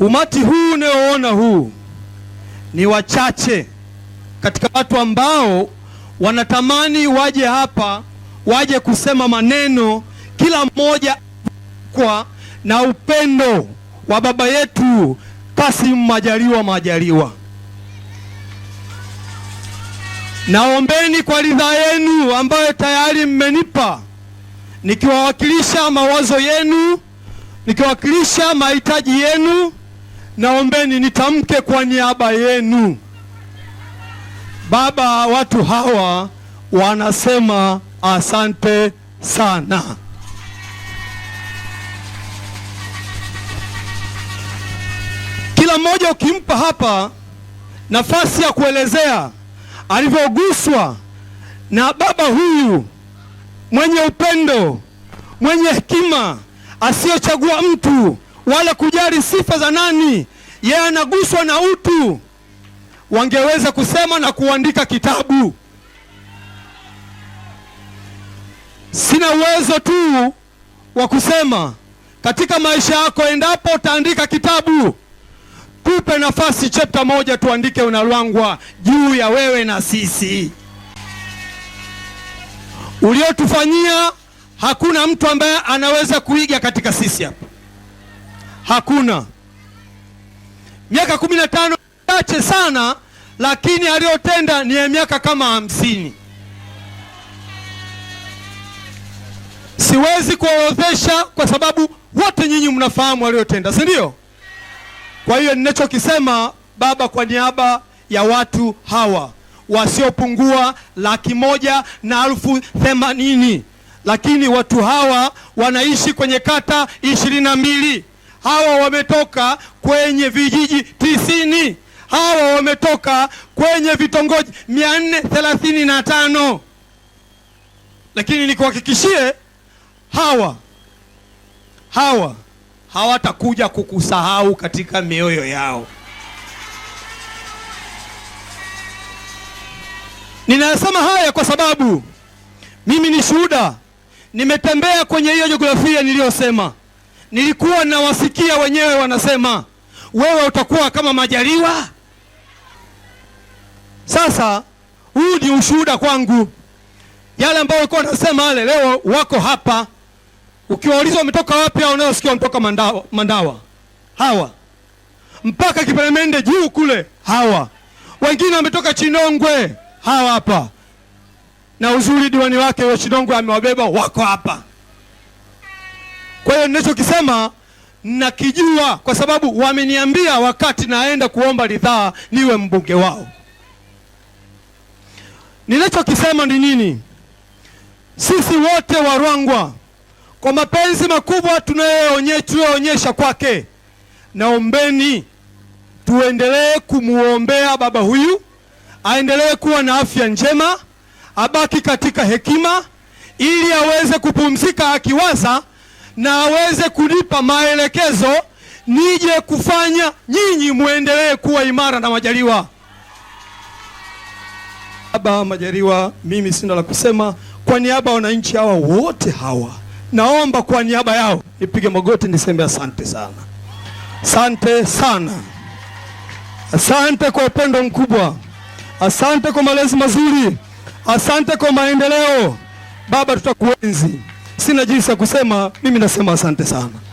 Umati huu unaoona huu ni wachache katika watu ambao wanatamani waje hapa, waje kusema maneno, kila mmoja kwa na upendo wa baba yetu Kassim Majaliwa Majaliwa. Naombeni kwa ridhaa yenu ambayo tayari mmenipa, nikiwawakilisha mawazo yenu, nikiwawakilisha mahitaji yenu naombeni nitamke kwa niaba yenu. Baba, watu hawa wanasema asante sana. Kila mmoja ukimpa hapa nafasi ya kuelezea alivyoguswa na baba huyu mwenye upendo, mwenye hekima, asiyochagua mtu wala kujali sifa za nani, yeye anaguswa na utu. Wangeweza kusema na kuandika kitabu. Sina uwezo tu wa kusema. Katika maisha yako, endapo utaandika kitabu, tupe nafasi chapta moja tuandike Unalwangwa juu ya wewe na sisi, uliotufanyia. Hakuna mtu ambaye anaweza kuiga katika sisi hapa hakuna. Miaka kumi na tano chache sana, lakini aliyotenda ni ya miaka kama hamsini. Siwezi kuorodhesha kwa sababu wote nyinyi mnafahamu aliyotenda, si ndio? Kwa hiyo ninachokisema Baba, kwa niaba ya watu hawa wasiopungua laki moja na elfu themanini, lakini watu hawa wanaishi kwenye kata ishirini na mbili hawa wametoka kwenye vijiji tisini, hawa wametoka kwenye vitongoji mia nne thelathini na tano. Lakini nikuhakikishie hawa hawa hawatakuja kukusahau katika mioyo yao. Ninayasema haya kwa sababu mimi ni shuhuda, nimetembea kwenye hiyo jiografia niliyosema nilikuwa nawasikia wenyewe wanasema wewe utakuwa kama Majaliwa. Sasa huu ni ushuhuda kwangu, yale ambayo walikuwa wanasema wale leo wako hapa. Ukiwauliza wametoka wapi, au unayosikia wametoka Mandawa, Mandawa hawa mpaka kipelemende juu kule hawa, wengine wametoka Chinongwe hawa hapa, na uzuri diwani wake wa Chinongwe amewabeba wako hapa. Kwa hiyo ninachokisema nakijua kwa sababu wameniambia wakati naenda kuomba ridhaa niwe mbunge wao. Ninachokisema ni nini? Sisi wote wa Ruangwa, kwa mapenzi makubwa tunayoonyesha kwake, naombeni tuendelee kumwombea baba huyu, aendelee kuwa na afya njema, abaki katika hekima, ili aweze kupumzika akiwaza na aweze kunipa maelekezo nije kufanya, nyinyi muendelee kuwa imara na Majaliwa. Baba Majaliwa, mimi sina la kusema. Kwa niaba ya wananchi hawa wote hawa, naomba kwa niaba yao nipige magoti niseme asante sana, asante sana, asante kwa upendo mkubwa, asante kwa malezi mazuri, asante kwa maendeleo. Baba, tutakuenzi sina jinsi ya kusema, mimi nasema asante sana.